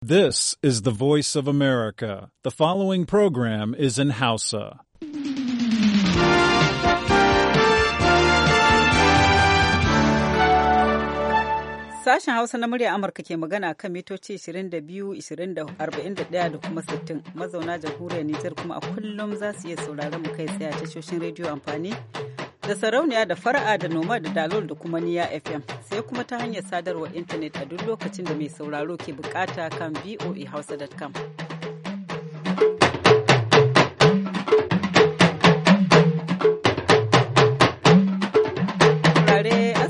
This is the voice of America. The following program is in Hausa. Sashen Hausa na murya Amurka ke magana kan mitoci 22, 21 da kuma 60 mazauna jamhuriyar Nijar kuma a kullum za su iya sauraron mu kai tsaye a tashoshin rediyo amfani da sarauniya da fara'a da noma da dalol da kuma niya fm sai kuma ta hanyar sadarwar intanet a duk lokacin da mai sauraro ke bukata kan voahausa.com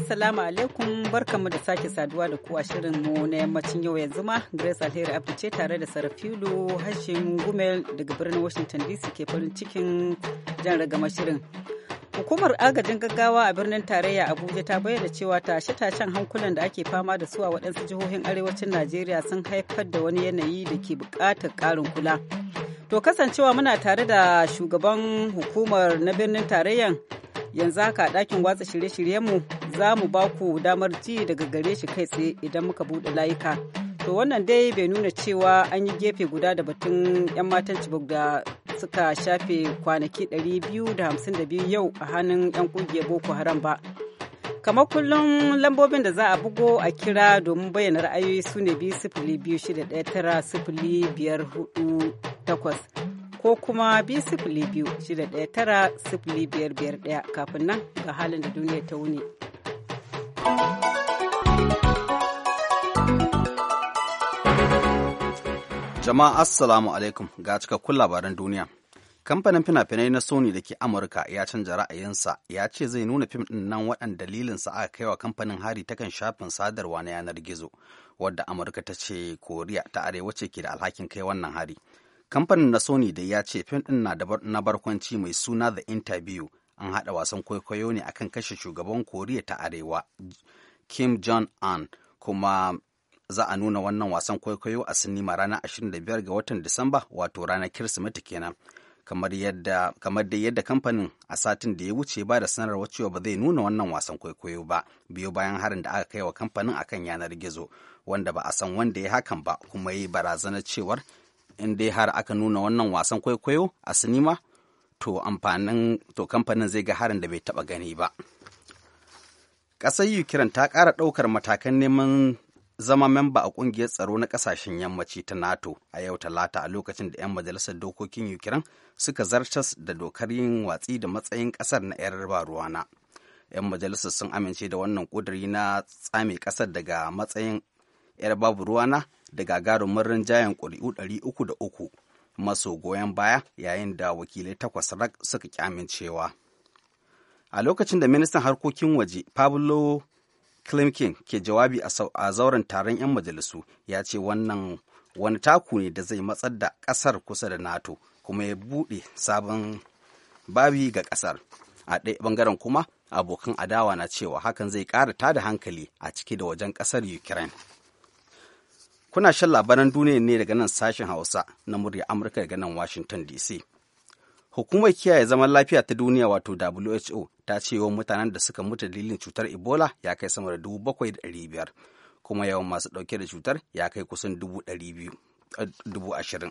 Assalamu alaikum barkamu da sake saduwa da ku a mu na yammacin yau yanzu ma Grace Alheri Abdu ce tare da Sarafilu Hashim Gumel daga birnin Washington DC ke farin cikin jan ragama shirin. Hukumar agajin gaggawa a birnin tarayya Abuja ta bayyana cewa tashe-tashen hankulan da ake fama da su a waɗansu jihohin arewacin Najeriya sun haifar da wani yanayi da ke buƙatar ƙarin kula. To kasancewa muna tare da shugaban hukumar na birnin tarayyan yanzu haka a ɗakin watsa shirye-shiryenmu za mu ba ku damar ji daga gare shi kai tsaye idan muka buɗe layuka. To wannan dai bai nuna cewa an yi gefe guda da batun 'yan matan cibok da suka shafe kwanaki 252 yau a hannun 'yan kungiyar boko haram ba kamar kullum lambobin da za a bugo a kira domin bayyana ra'ayoyi su ne biyu sifili biyu shida ɗaya tara biyar ko kuma biyu shida ɗaya tara biyar biyar kafin nan ga halin da duniya ta wuni. Jama'a Assalamu alaikum ga cikakkun labaran duniya. Kamfanin fina-finai na Sony da ke Amurka ya canza ra'ayinsa ya ce zai nuna fim ɗin nan waɗanda dalilinsa aka wa kamfanin hari ta kan shafin sadarwa na yanar gizo, wadda Amurka ta ce Koriya ta Arewa ce ke da alhakin kai wannan hari. Kamfanin na Sony da ya ce fim ɗin na barkwanci mai suna The Interview an haɗa wasan kwaikwayo ne akan kashe shugaban Koriya ta Arewa Kim Jong-un kuma za a nuna wannan wasan kwaikwayo a sinima ranar 25 ga watan Disamba wato ranar Kirsimeti kenan. Kamar yadda da yadda kamfanin a satin da ya wuce ba da sanarwa cewa ba zai nuna wannan wasan kwaikwayo ba biyo bayan harin da aka kai wa kamfanin akan yanar gizo wanda ba a san wanda ya hakan ba kuma yi barazanar cewar in dai har aka nuna wannan wasan kwaikwayo a sinima to amfanin to kamfanin zai ga harin da bai taba gani ba. Ƙasar Ukraine ta ƙara ɗaukar matakan neman zama memba a kungiyar tsaro na kasashen yammaci ta NATO a yau talata a lokacin da 'yan majalisar dokokin Ukraine suka zartas da dokar yin watsi da matsayin kasar na 'yar ruwana. 'Yan majalisar sun amince da wannan kuduri na tsame kasar daga matsayin 'yar babu ruwana da gagarumin rinjayen ƙuri'u uku maso goyon baya yayin da wakilai takwas rak suka amincewa. A lokacin da ministan harkokin waje Pablo Klimkin ke jawabi a zauren taron 'yan majalisu ya ce wannan wani taku ne da zai matsar da ƙasar kusa da NATO kuma ya buɗe sabon babi ga ƙasar. A ɗaya ɓangaren kuma abokan adawa na cewa hakan zai ƙara tada hankali a ciki da wajen ƙasar Ukraine. Kuna shan labaran duniya ne daga nan sashen Hausa na murya Amurka daga nan Washington DC. Hukumar kiyaye zaman lafiya ta duniya wato WHO ta ce yawan mutanen da suka mutu dalilin cutar Ebola ya kai sama da dubu bakwai da ɗari biyar, kuma yawan masu ɗauke da cutar ya kai kusan dubu ɗari biyu eh, dubu ashirin.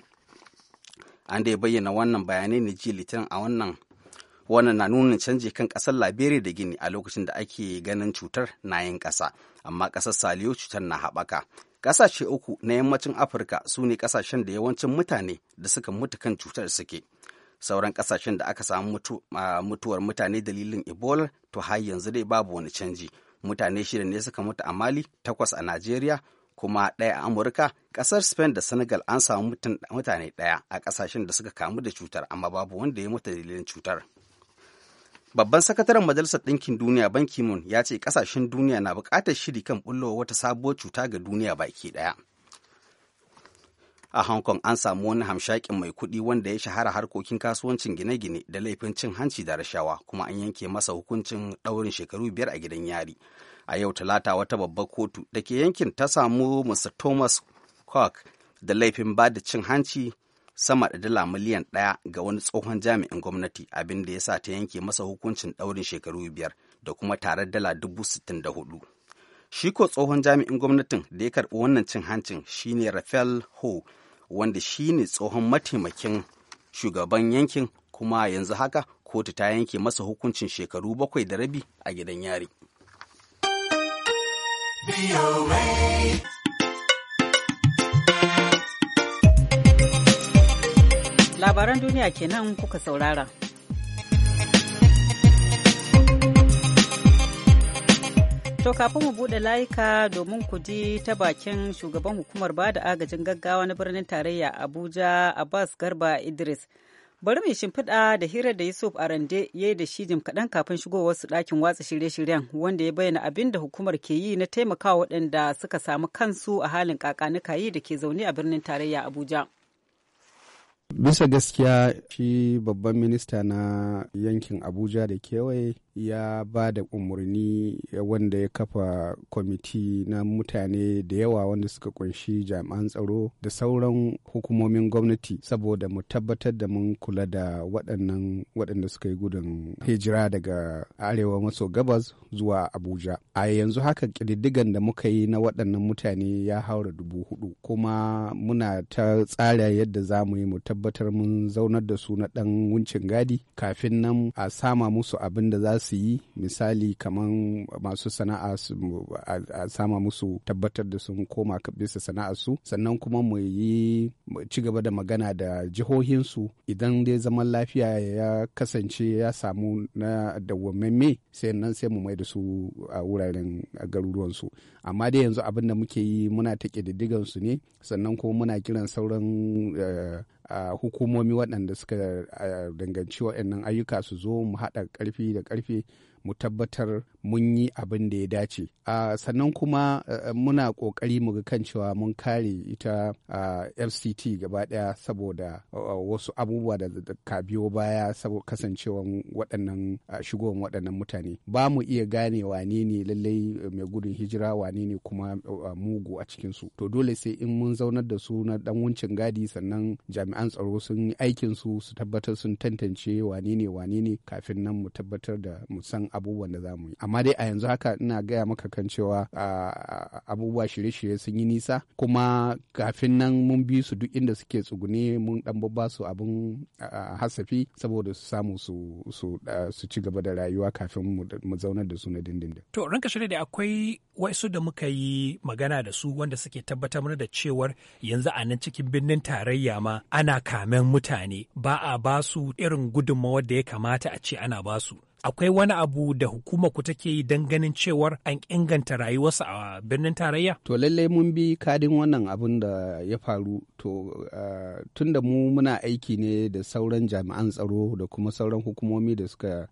An dai bayyana wannan bayanai ne jiya litinin a wannan wannan na nuna canji kan ƙasar Liberia da Gini a lokacin da ake ganin cutar na yin ƙasa, amma ƙasar Saliyo cutar na haɓaka. Ƙasashe uku na yammacin Afirka su ne ƙasashen da yawancin mutane da suka mutu kan cutar suke. sauran kasashen da aka samu mutuwar mutane dalilin ebola to har yanzu dai babu wani canji mutane shida ne suka mutu a mali takwas a najeriya kuma ɗaya a amurka ƙasar spain da senegal an samu mutane ɗaya a kasashen da suka kamu da cutar amma babu wanda ya mutu dalilin cutar Babban sakataren Majalisar Ɗinkin Duniya Ban ki ya ce ƙasashen duniya na buƙatar shiri kan bullowa wata sabuwar cuta ga duniya baki ɗaya. a hong kong an samu wani hamshakin mai kuɗi wanda ya shahara harkokin kasuwancin gine-gine da laifin cin hanci da rashawa kuma an yanke masa hukuncin ɗaurin shekaru biyar a gidan yari a yau talata wata babbar kotu da ke yankin ta samu mr thomas cook da laifin ba da cin hanci sama da dala miliyan ɗaya ga wani tsohon jami'in gwamnati abin da ya sa ta yanke masa hukuncin ɗaurin shekaru biyar da kuma tare dala dubu sittin da hudu shi ko tsohon jami'in gwamnatin da ya karɓi wannan cin hancin shine rafael ho wanda shi ne tsohon mataimakin shugaban yankin kuma yanzu haka kotu ta yanke masa hukuncin shekaru bakwai da rabi a gidan yari. Labaran duniya kenan kuka saurara. To kafin mu buɗe layuka domin ku ji ta bakin shugaban hukumar ba da agajin gaggawa na birnin tarayya Abuja Abbas Garba Idris. Bari mai shimfiɗa da hirar da Yusuf Arande ya yi da shi jim kaɗan kafin shigowar su ɗakin watsa shirye-shiryen wanda ya bayyana abin da hukumar ke yi na taimakawa waɗanda suka samu kansu a halin yi da ke zaune a birnin tarayya Abuja. Bisa gaskiya shi babban minista na yankin Abuja da kewaye ya ba da umarni wanda ya kafa kwamiti na mutane da yawa wanda suka kunshi jami'an tsaro da sauran hukumomin gwamnati saboda mu tabbatar da mun kula da waɗannan waɗanda suka yi gudun hijira daga arewa maso gabas zuwa abuja a yanzu haka ƙididdigan da muka yi na waɗannan mutane ya haura dubu hudu kuma muna ta tsara yadda za mu yi mu tabbatar mun zaunar da su na ɗan wuncin gadi kafin nan a sama musu abin da za su yi misali kamar masu sana'a a sama musu tabbatar da sun koma bisa su sannan kuma mu yi ci gaba da magana da jihohinsu idan dai zaman lafiya ya kasance ya samu na dawwammame sai nan sai mu mai da su a wuraren garuruwansu amma dai yanzu abin da muke yi muna ta ƙididdigan su ne sannan kuma muna kiran sauran eh, hukumomi waɗanda suka danganci waɗannan ayyuka su zo mu haɗa ƙarfi da ƙarfe mu tabbatar mun yi abin da ya dace a sannan kuma eh, eh, muna ƙoƙari mu ga kan cewa mun kare ita fct gaba ɗaya saboda wasu abubuwa da ka biyo baya saboda kasancewan waɗannan shigowan waɗannan mutane ba mu iya gane wane ne lallai eh, mai gudun hijira wane ne kuma mugu a cikin su to dole sai in mun zaunar da su na ɗan wuncin gadi sannan jami'an tsaro sun yi su su tabbatar sun tantance wane ne wane ne kafin nan mu tabbatar da mu san abubuwan da zamu yi amma dai a yanzu haka ina gaya maka kan cewa abubuwa shirye-shirye sun yi nisa kuma kafin nan mun bi su duk inda suke tsugune mun dan babba su abin hasafi saboda su samu su ci gaba da rayuwa kafin mu zaunar da su na dindindin to ranka shirya da akwai wasu da muka yi magana da su wanda suke tabbatar mana da cewar yanzu a nan cikin birnin tarayya ma ana kamen mutane ba a basu irin gudunmawar da ya kamata a ce ana basu akwai wani abu da hukuma ku take yi don ganin cewar an inganta rayuwarsa a birnin tarayya? To lallai mun bi kadin wannan abin da ya faru to tun da mu muna aiki ne da sauran jami'an tsaro da kuma sauran hukumomi da suka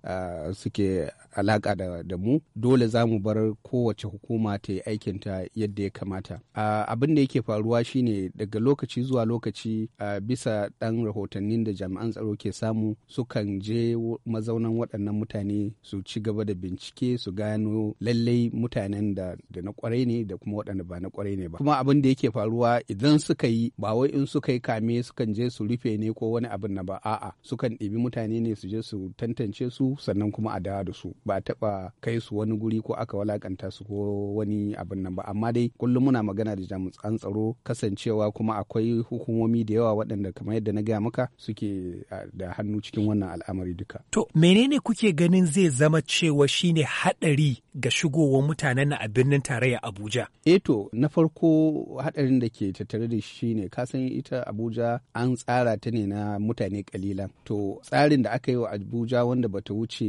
suke alaka da, mu dole za mu bar kowace hukuma ta yi aikinta yadda ya kamata. abin da yake faruwa shine daga lokaci zuwa lokaci bisa ɗan rahotannin da jami'an tsaro ke samu sukan je mazaunan waɗannan mutane mutane su ci gaba da bincike su gano lallai mutanen da da na kwarai ne da kuma waɗanda ba na kwarai ne ba kuma abin da yake faruwa idan suka yi ba wai in suka yi kame sukan je su rufe ne ko wani abin na ba a'a sukan ɗibi mutane ne su je su tantance su sannan kuma a dawo da su ba taɓa kai su wani guri ko aka walakanta su ko wani abin nan ba amma dai kullum muna magana da jami'an tsaro kasancewa kuma akwai hukumomi da yawa waɗanda kamar yadda na gaya maka suke da hannu cikin wannan al'amari duka to menene kuke gani ganin zai zama cewa shine hadari ga shigowar mutanen a birnin tarayya Abuja? Eto, eh na farko hadarin da ke tattare da shi ne kasan ita Abuja an tsara ta ne na mutane kalilan. To, tsarin da aka yi wa Abuja wanda bata wuce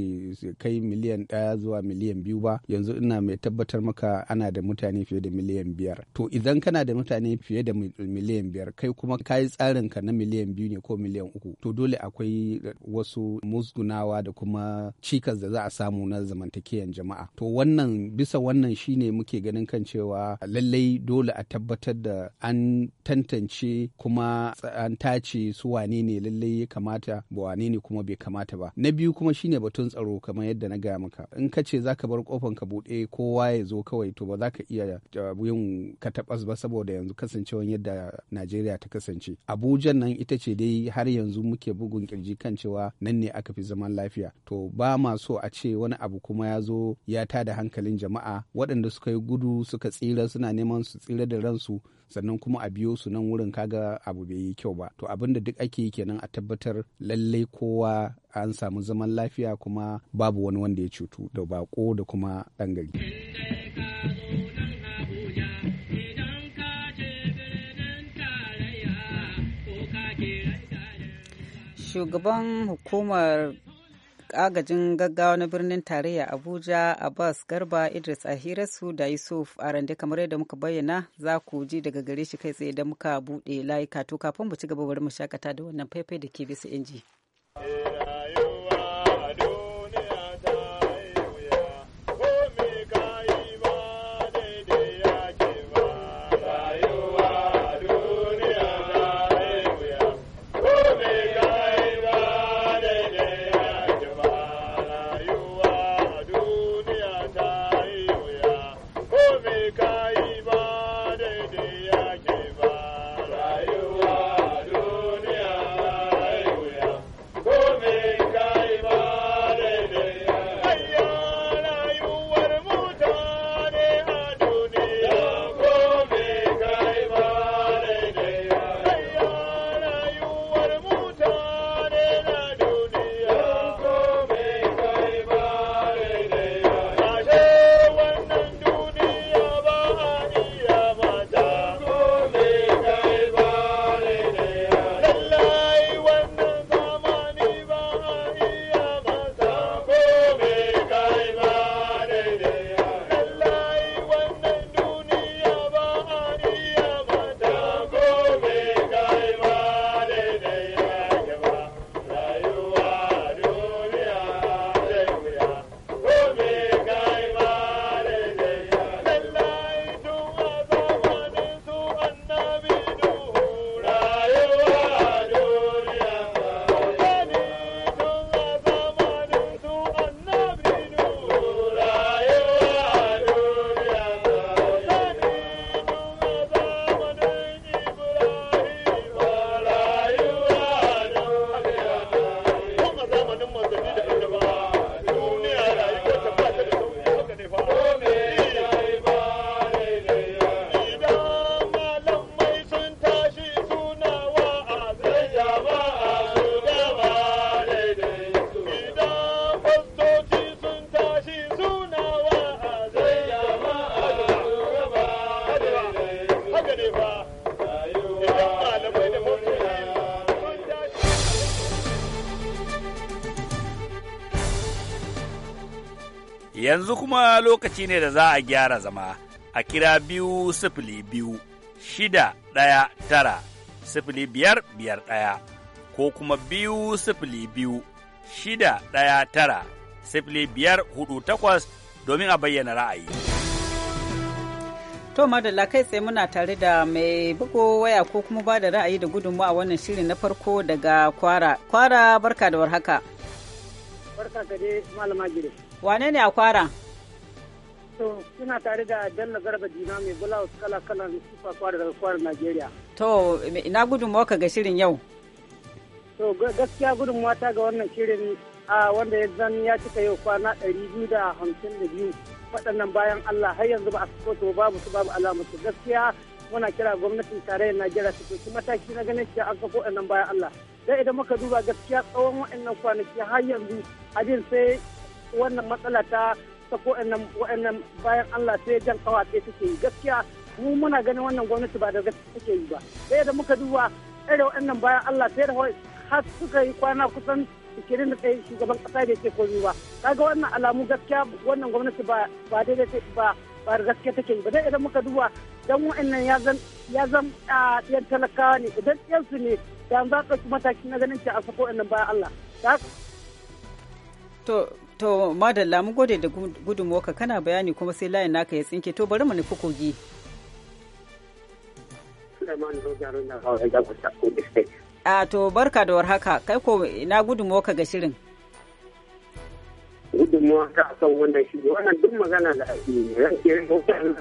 kai miliyan ɗaya zuwa miliyan biyu ba, yanzu ina mai tabbatar maka ana da mutane fiye da miliyan biyar. To, idan kana da mutane fiye da miliyan biyar, kai kuma ka yi tsarin ka na miliyan biyu ne ko miliyan uku. To, dole akwai wasu musgunawa da kuma cikas da za a samu na zamantakewan jama'a to wannan bisa wannan shine muke ganin kan cewa lallai dole a tabbatar da an tantance kuma an tace su wane ne lallai ya kamata ba wane ne kuma bai kamata ba na biyu kuma shine batun tsaro kamar yadda na gaya maka in ka ce zaka bar kofan ka buɗe kowa ya zo kawai to ba za ka iya yin tabas ba saboda yanzu kasancewan yadda Najeriya ta kasance Abuja nan ita ce dai har yanzu muke bugun kirji kan cewa nan ne aka fi zaman lafiya to ba kama so a ce wani abu kuma ya zo ya ta da hankalin jama'a waɗanda suka yi gudu suka tsira suna neman su tsira da ransu sannan kuma a biyo su nan wurin kaga abu bai yi kyau ba to abin da duk ake yi kenan a tabbatar lallai kowa an samu zaman lafiya kuma babu wani wanda ya cutu da bako da kuma ɗan gari. shugaban hukumar agajin gaggawa na birnin tarayya Abuja Abbas Garba Idris Ahirasu da Yusuf Arande kamar yadda muka bayyana za ku ji daga gare shi kai tsaye da muka buɗe layuka to kafin mu ci gaba bari mu shakata da wannan faifai da ke bisa inji. Yanzu kuma lokaci ne da za a gyara zama a kira biyu sifili biyu shida ɗaya tara sifili biyar biyar ɗaya ko kuma biyu sifili biyu shida ɗaya tara sifili biyar hudu takwas domin a bayyana ra'ayi. To madalla kai tsaye muna tare da mai bugo waya ko kuma ba da ra'ayi da gudunmu a wannan shiri na farko daga kwara. Kwara barka da warhaka. Barka ka dai malama gire. wane ne a kwara to suna tare da danna garba dina mai bula kala kala sufa kwara daga kwara najeriya to ina gudunmawa ka ga shirin yau to gaskiya gudun ta ga wannan shirin a wanda ya zan ya cika yau kwana ɗari biyu da hamsin da biyu waɗannan bayan allah har yanzu ba a to babu su babu alamarsu gaskiya muna kira gwamnatin tarayyar najeriya su ɗauki mataki na ganin shi an kafa waɗannan bayan allah da idan muka duba gaskiya tsawon waɗannan kwanaki har yanzu abin sai wannan matsala ta sako wa'annan bayan Allah sai jan kawace suke gaskiya mu muna ganin wannan gwamnati ba da gaskiya suke yi ba sai da muka duba irin wa'annan bayan Allah sai da har suka yi kwana kusan ishirin da ɗaya shugaban ƙasa da yake komai ba kaga wannan alamu gaskiya wannan gwamnati ba ba daidai ba ba da gaskiya take yi ba dai idan muka duba dan wa'annan ya zan ya zan yan talakawa ne idan yan su ne da za ka mataki na ganin ta a sako wa'annan bayan Allah to To madalla mu gode da gudunmuwarka kana bayani kuma sai layin naka ya tsinke to bari mu nufi kogi. A to barka da haka kai ko na gudunmuwarka ga shirin. Gudunmuwa a kan wannan shi wannan duk magana da ake yi ranke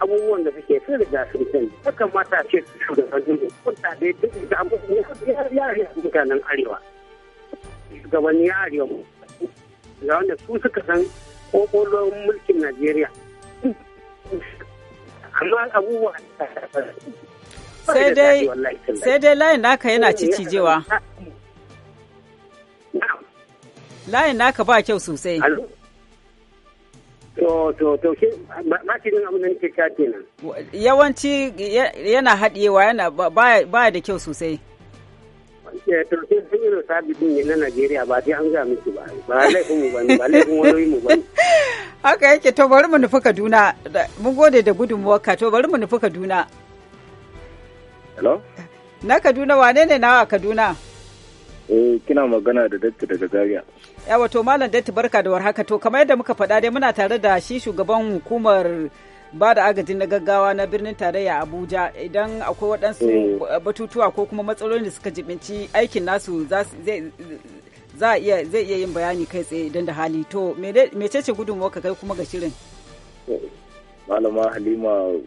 abubuwan da suke sun riga sun sani ya kamata ce shugabannin ta dai duk da abubuwan ya yi mutanen arewa shugabanni arewa da wanda su suka san kokolon mulkin najeriya amma abubuwa sai dai sai dai layin naka yana cicijewa layin naka ba kyau sosai yawanci yana haɗewa yana ba da kyau sosai Eh, yi hanyar sabitin ne na Najeriya ba sai an ga miki ba ba laifin mu ba laifin wani mu bane haka yake to bari mu nufi Kaduna mun gode da gudunmuwarka to bari mu nufi Kaduna hello na Kaduna wane ne nawa Kaduna eh kina magana da datti daga Zaria yawa to malam datti barka da warhaka to kamar yadda muka faɗa dai muna tare da shi shugaban hukumar ba da agajin na gaggawa na birnin tarayya Abuja idan akwai waɗansu mm. batutuwa ko kuma matsalolin da suka jibinci aikin nasu zai iya yin bayani kai tsaye idan da hali to mecece gudunmuwa ka kai kuma ga shirin malama halima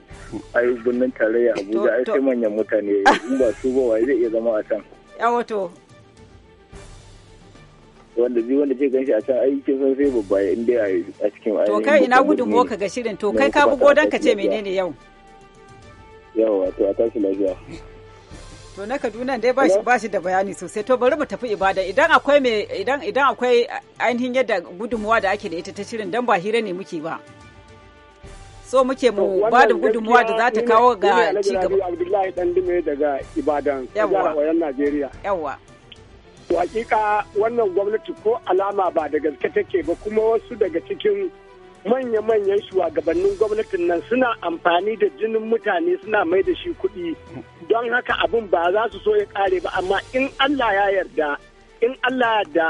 ai birnin tarayya abuja ai sai manyan mutane in ba su ba wai zai iya zama a can yawa to wanda zai wanda ce ganshi a can ai aikin sun sai babba in dai a cikin ai To kai ina gudun ka ga shirin to kai ka bu godan ka ce menene yau. yau to a tashi lafiya. To na Kaduna dai ba shi ba shi da bayani sosai to bari mu tafi ibada idan akwai me idan idan akwai ainihin yadda gudunmuwa da ake da ita ta shirin dan ba hira ne muke ba. So muke mu ba da gudunmuwa da za ta kawo ga cigaba. Abdullahi dan Dandime daga Ibadan, Jihar Najeriya. yawa to hakika wannan gwamnati ko alama ba da gaske take ba kuma wasu daga cikin manya-manyan shugabannin gwamnatin nan suna amfani da jinin mutane suna mai da shi kuɗi don haka abin ba za su so ya ƙare ba amma in allah ya yarda in allah ya yarda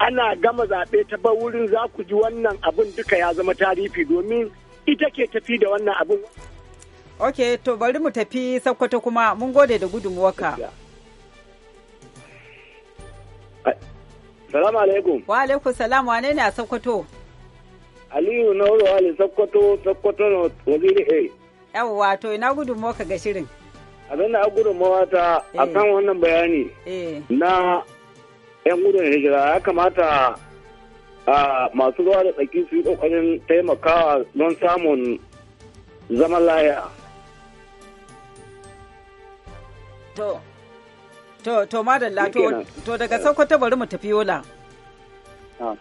ana gama zaɓe ta ba wurin za ku ji wannan abin duka ya zama tarifi domin ita ke tafi da wannan abin. ok to bari mu tafi sakkwato kuma mun gode da gudunmuwarka. Yeah. Salamu alaikum. Wa alaikum salam wane ne a Sokoto? Aliyu Nauro Ali Sokoto Sokoto na waziri A. Yau wato ina gudunmawa ka ga shirin. Abin da mawa ta a eh. kan wannan bayani eh. na 'yan gudun hijira ya kamata a masu ruwa da tsaki su yi kokarin taimakawa don samun zaman laya. To, To, to madalla to daga Sokoto bari mu tafi Yola. Ah.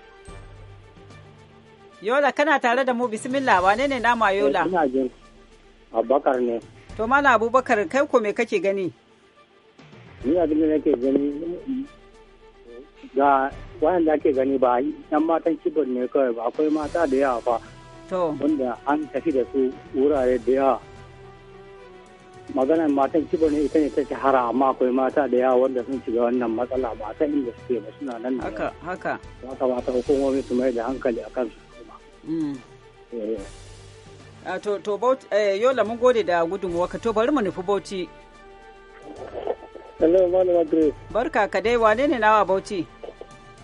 Yola kana tare da mu bismillah wane ne nama eh, Yola? Ina jin Abubakar ne. To mana Abubakar kai ko me kake gani? Ni abin da nake gani ga da ke gani ba yan matan kibir ne kawai ba akwai mata da yawa ba To. Wanda an tafi da su wurare da yawa. maganar matan kibo ne ita ne ta shahara amma akwai mata da yawa wanda sun shiga wannan matsala mata inda suke ba suna nan haka haka ya kamata hukumomi su mai da hankali akan su kuma a mm. eh. ah, to bauti eh yola mun gode da gudunmuwa ka to bari mu nufi bauti. Hello, Malama Grace. Barka ka dai wane ne nawa bauti.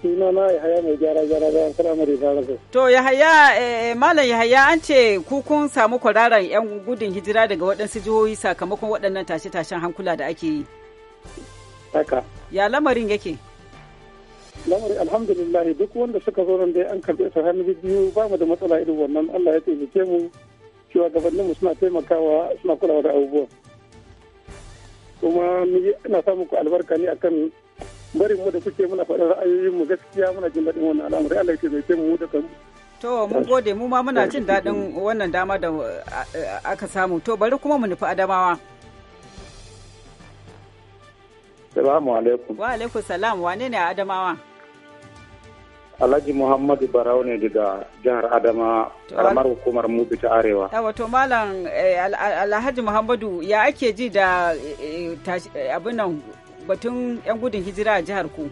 suna ya haya mai gyara gyara bayan firamare ta To eh, malam yahaya an ce ku kun samu kwararan yan gudun hijira daga waɗansu jihohi sakamakon waɗannan tashe-tashen hankula da ake yi. Haka. Ya lamarin yake? Lamari alhamdulillah duk wanda suka zo nan dai an karɓi su hannu biyu ba mu da matsala irin wannan Allah ya taimake mu cewa mu suna taimakawa suna kulawa da abubuwa. Kuma ina samun ku albarka ne akan barin mu da kuke muna faɗin ra'ayoyin mu gaskiya muna jin daɗin wannan al'amari Allah ya taimake mu da kanmu to mun gode mu ma muna jin daɗin wannan dama da uh, uh, aka samu to bari kuma mu nufi adamawa Salamu alaikum. Wa alaikum salam wane ne Adamawa? Alhaji Muhammadu Barau ne daga jihar Adama, karamar hukumar Mubi ta Arewa. Yawa to malam eh, Alhaji Muhammadu ya ake ji da eh, eh, abin nan batun 'yan gudun hijira a jihar ku?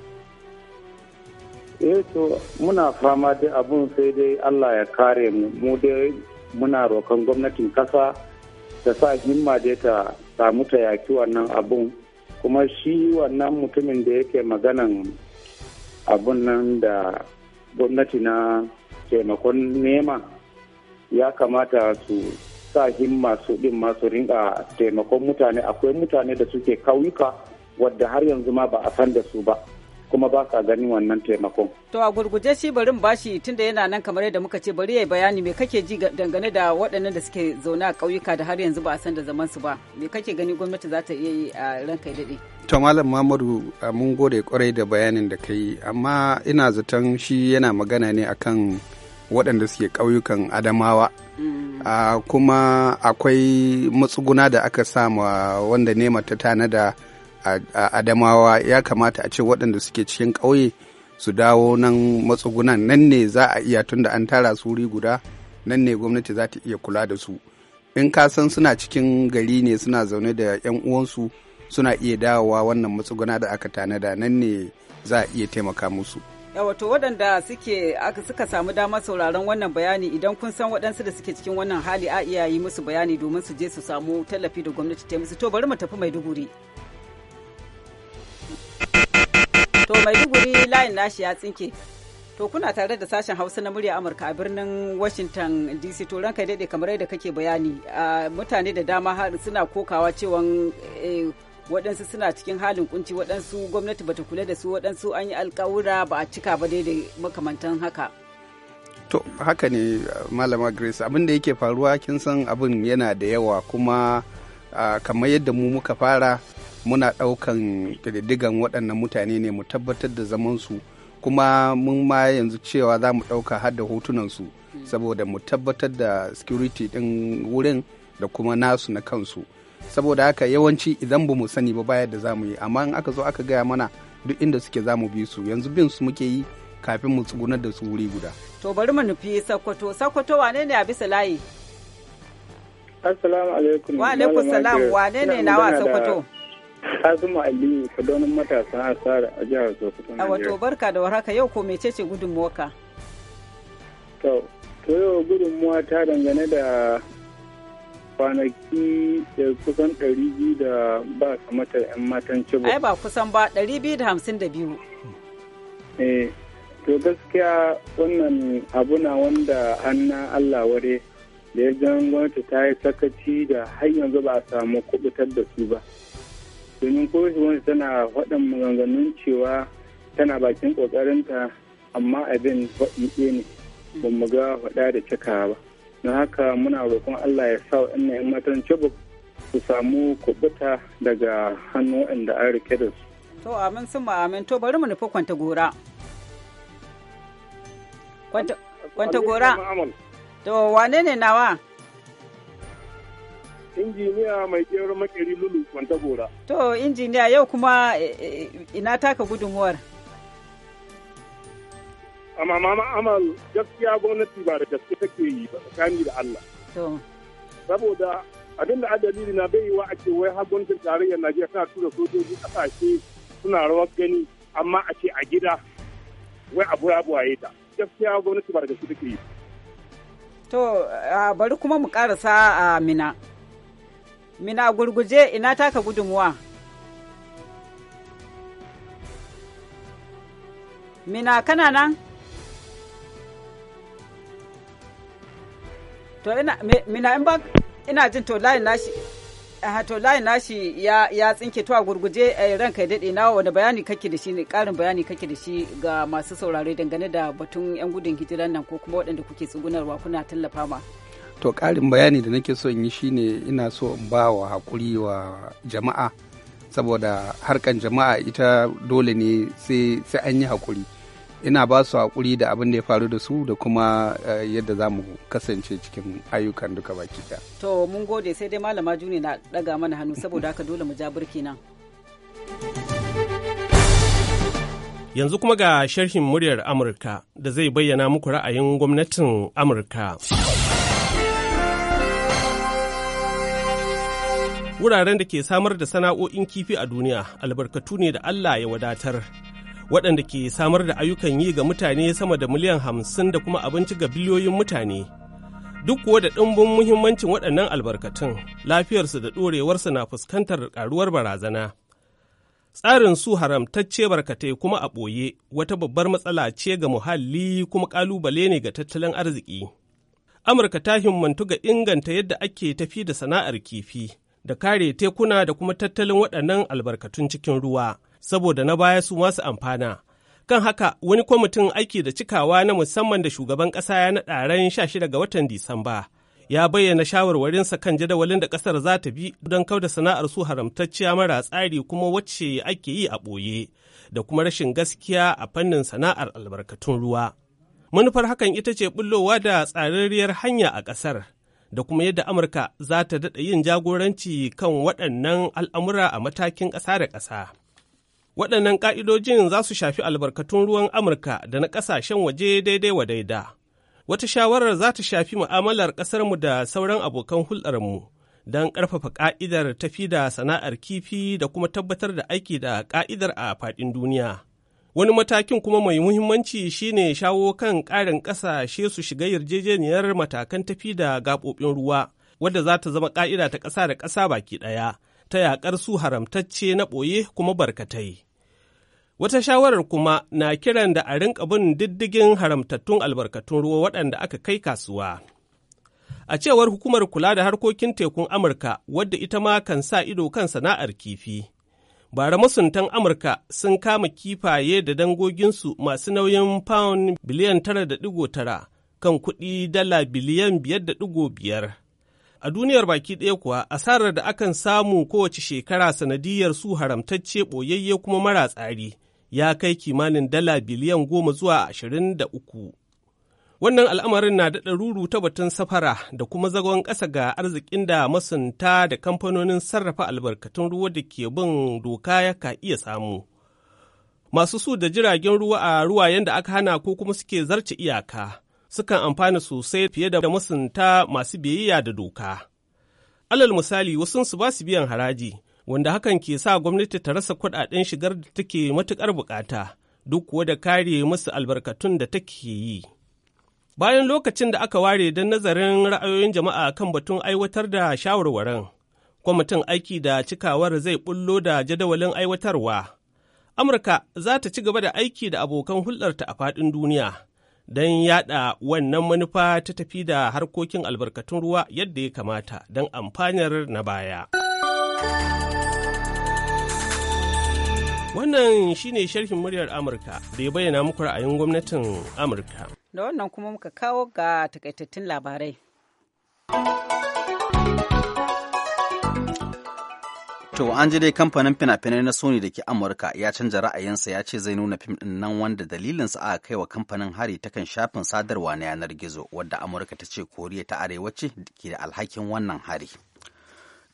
eh to muna fama da abun sai dai allah ya kare mu mu dai muna rokon gwamnatin ƙasa da sa himma dai ta samu ta yaki wannan abun kuma shi wannan mutumin da yake maganan abun nan da gwamnati na taimakon nema ya kamata su sa himma su din masu rinka taimakon mutane akwai mutane da suke kauyuka wadda har yanzu ma ba a san da su ba kuma ba sa ganin wannan taimakon. To a gurguje shi barin bashi tunda yana nan kamar yadda muka ce bari ya bayani me kake ji dangane da waɗannan da suke zaune a ƙauyuka da har yanzu ba a san da zaman su ba me kake gani gwamnati za ta iya yi a ranka daɗe. To Malam Mamadu mun gode kwarai da bayanin da kai amma ina zaton shi yana magana ne akan waɗanda suke ƙauyukan Adamawa. Mm. kuma akwai matsuguna da aka sama wanda nema ta tanada da a adamawa ya kamata a ce waɗanda suke cikin ƙauye su dawo nan matsugunan nan ne za a iya tun da an tara su wuri guda nan ne gwamnati za ta iya kula da su in ka san suna cikin gari ne suna zaune da 'yan uwansu suna iya dawowa wannan matsuguna da aka tanada nan ne za a iya taimaka musu wato waɗanda suke suka samu damar sauraron wannan bayani idan kun san waɗansu da suke cikin wannan hali a iya yi musu bayani domin su je su samu tallafi da gwamnati ta musu to bari mu tafi maiduguri maiduguri layin nashi ya tsinke to kuna tare da sashen hausa na murya amurka a birnin washington dc to ranka daɗe kamar yadda kake bayani mutane da dama har suna kokawa cewa eh, waɗansu suna cikin halin kunci waɗansu gwamnati bata kula da su waɗansu an yi alkawura ba a cika ba daidai makamantan haka to haka ne malama grace abin da yake faruwa kin san abin yana da yawa kuma kamar yadda mu muka fara muna ɗaukan ƙididdigan waɗannan mutane ne mu tabbatar da zaman su kuma mun ma yanzu cewa za mu ɗauka har da su saboda mu tabbatar da security din wurin da kuma nasu na kansu saboda haka yawanci idan ba mu sani ba bayar da za mu yi amma in aka zo aka gaya mana duk inda suke za mu bi su yanzu bin su muke yi kafin mu tsugunar da su wuri guda. To bari mu nufi sakwato sakwato wane ne a bisa layi? Assalamu alaikum. Wa alaikum salam wane ne nawa sakwato. Kazuma Aliyu ka matasan matasa a jihar Sokoto. A wato barka da warhaka yau ko mecece gudunmuwarka? To, to yau gudunmuwa ta dangane da kwanaki da kusan 200 da ba ka mata 'yan matan cibo. Ai ba kusan ba 252. Eh, to gaskiya wannan abu na wanda na Allah ware da ya gwamnati ta yi sakaci da har yanzu ba a samu kubutar da su ba. domin wani tana faɗin maganganun cewa tana bakin ƙoƙarinta amma abin faɗi ne ba mu ga faɗa da cika ba na haka muna roƙon allah ya sa ina yan matan cibok su samu kubuta daga hannu inda an rike da su to amin sun amin to bari mu nufi kwanta gora kwanta gora to wane ne nawa injiniya mai kewar makeri lulu kwantagora. To injiniya yau kuma eh, eh, ina taka gudunmuwar. Amma mama amal gaskiya gwamnati ba da gaske take yi ba tsakani da Allah. To. Saboda abinda da adalili na bai wa ake wai har gwamnatin tarayyar Najeriya tana tura sojoji kasashe suna rawar gani amma a ce a gida wai abu ya buwaye ta. Gaskiya gwamnati ba da gaske take yi. To bari kuma mu karasa a Mina. Mina gurguje ina taka gudunmuwa. Mina kana nan? To ina mina in ba ina jin to layin nashi to layin nashi ya ya tsinke to a gurguje eh, ranka ya dade nawa wani bayani kake da shi ne karin bayani kake da shi ga masu saurare dangane da batun yan gudun hijiran nan ko kuma waɗanda kuke tsugunarwa kuna tallafa ma. to ƙarin bayani da nake so in yi shine ina so in ba wa haƙuri wa jama'a saboda harkan jama'a ita dole ne sai an yi haƙuri ina ba su haƙuri da abin da ya faru da su da kuma eh, yadda za mu kasance cikin ayyukan duka baki ɗaya. to mun gode sai dai malama juni na ɗaga mana hannu saboda haka dole mu ja birki nan. yanzu kuma ga sharhin muryar amurka da zai bayyana muku ra'ayin gwamnatin amurka. Wuraren da ke samar da sana'o'in kifi a duniya albarkatu ne da Allah ya wadatar. Waɗanda ke samar da ayyukan yi ga mutane sama da miliyan hamsin da kuma abinci ga biliyoyin mutane. Duk kuwa da ɗumbin muhimmancin waɗannan albarkatun, lafiyarsu da ɗorewarsu na fuskantar ƙaruwar barazana. tsarin su haramtacce barkatai kuma a ɓoye wata babbar matsala ce ga muhalli kuma ƙalubale ne ga tattalin arziki. Amurka ta himmantu ga inganta yadda ake tafi da sana'ar kifi, da kare tekuna da kuma tattalin waɗannan albarkatun cikin ruwa saboda na baya su masu amfana. Kan haka wani kwamitin aiki da cikawa na musamman da shugaban ƙasa ya naɗa ran 16 ga watan Disamba. Ya bayyana shawarwarinsa kan jadawalin da ƙasar za ta bi don da sana'ar su haramtacciya mara tsari kuma wacce ake yi a ɓoye da kuma rashin gaskiya a fannin sana'ar albarkatun ruwa. Manufar hakan ita ce bullowa da tsararriyar hanya a ƙasar. da kuma yadda Amurka za ta daɗa yin jagoranci kan waɗannan al'amura a matakin ƙasa da ƙasa. Waɗannan ƙa'idojin za su shafi albarkatun ruwan Amurka da na ƙasashen waje daidai wa daida. Wata shawarar za ta shafi mu'amalar ƙasarmu da sauran abokan hulɗarmu don ƙarfafa ƙa'idar tafi da sana'ar kifi da kuma tabbatar da aiki da ƙa'idar a faɗin duniya. Wani matakin kuma mai muhimmanci shine shawo kan ƙarin ƙasashe su shiga yarjejeniyar matakan tafi da gaɓoɓin ruwa, wadda za ta zama ƙa'ida ta ƙasa da ƙasa baki ɗaya, ta yaƙar su haramtacce na ɓoye kuma barkatai. Wata shawarar kuma na kiran da a rinka bin diddigin haramtattun albarkatun ruwa waɗanda aka kai kasuwa. A cewar hukumar kula da harkokin tekun Amurka, wadda ita ma kan sa ido kan sana'ar kifi. bara masuntan Amurka sun kama kifaye da dangoginsu masu nauyin pound biliyan 9.9 kan kuɗi dala biliyan 5.5. A duniyar baki ɗaya kuwa asarar da akan samu kowace shekara sanadiyar su haramtacce ɓoyayye kuma mara tsari ya kai kimanin dala biliyan goma zuwa ashirin da uku. Wannan al'amarin na da ɗaruru ta batun safara da kuma zagon ƙasa ga arzikin da masunta da kamfanonin sarrafa albarkatun ruwa da ke bin doka ya ka iya samu. Masu su da jiragen ruwa a ruwayen da aka hana ko kuma suke zarce iyaka sukan amfana sosai fiye da masunta masu biyayya da doka. Alal misali wasu su ba su biyan haraji, wanda hakan ke sa gwamnati ta rasa kuɗaɗen shigar da take matuƙar buƙata, duk kuwa da kare masu albarkatun da take yi. Bayan lokacin da aka ware don nazarin ra'ayoyin jama'a kan batun aiwatar da shawarwaran, kwamitin aiki da cikawar zai bullo da jadawalin aiwatarwa. Amurka za ta ci gaba da aiki da abokan hulɗarta a faɗin duniya don yaɗa wannan manufa ta tafi da harkokin albarkatun ruwa yadda ya kamata don amfanar na baya. Wannan shine sharhin muryar Amurka da ya bayyana muku ra'ayin gwamnatin Amurka. da wannan kuma muka kawo ga takaitattun labarai. To an ji dai kamfanin fina-finai na Sony da ke Amurka ya canza ra'ayinsa ya ce zai nuna fim ɗin nan wanda dalilinsa aka kai wa kamfanin hari ta kan shafin sadarwa na yanar gizo wadda Amurka ta ce Koriya ta Arewa ce ke da alhakin wannan hari.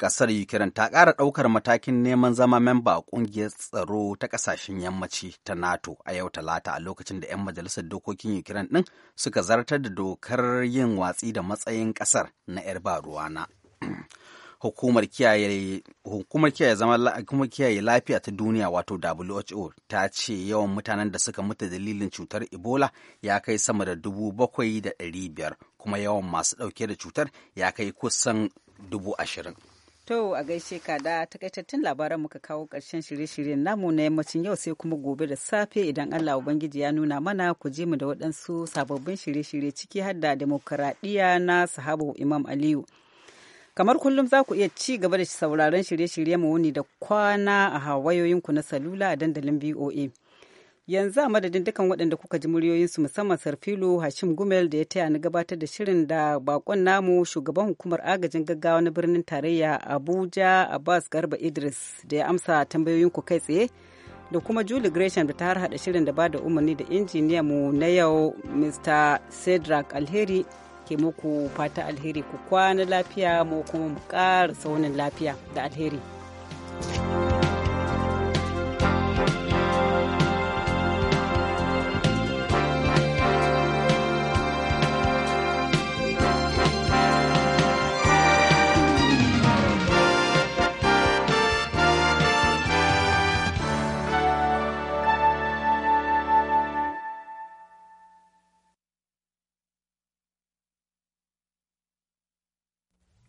kasar Ukraine ta ƙara ɗaukar matakin neman zama memba a ƙungiyar tsaro ta ƙasashen yammaci ta NATO a yau talata a lokacin da 'yan majalisar dokokin Ukraine ɗin suka zartar da dokar yin watsi da matsayin ƙasar na 'yar ba ruwana. hukumar kiyaye hukumar hukumar kiyaye lafiya ta duniya wato WHO ta ce yawan mutanen da suka mutu dalilin cutar Ebola ya kai sama da dubu bakwai da ɗari biyar kuma yawan masu ɗauke da cutar ya kai kusan dubu ashirin. To a gaishe ka da takaitattun labaran muka kawo ƙarshen shirye-shiryen namu na yammacin yau sai kuma gobe da safe idan Allah Ubangiji ya nuna mana ku je mu da waɗansu sababbin shirye-shirye ciki har da demokuraɗiyya na sahabu Imam Aliyu. Kamar kullum za ku iya ci gaba da sauraron shirye-shirye mu wuni da kwana a hawayoyinku na salula a dandalin voa yanzu a madadin dukan waɗanda kuka ji muryoyinsu musamman sarfilo hashim gumel da ya taya ni gabatar da shirin da bakon namu shugaban hukumar agajin gaggawa na birnin tarayya abuja abbas garba idris da ya amsa tambayoyin ku kai tsaye da kuma julie gresham da ta har hada shirin da ba da umarni da injiniya mu na yau mr cedric alheri ke muku fata alheri ku kwana lafiya mu kuma mu ƙara saunin lafiya da alheri. thank you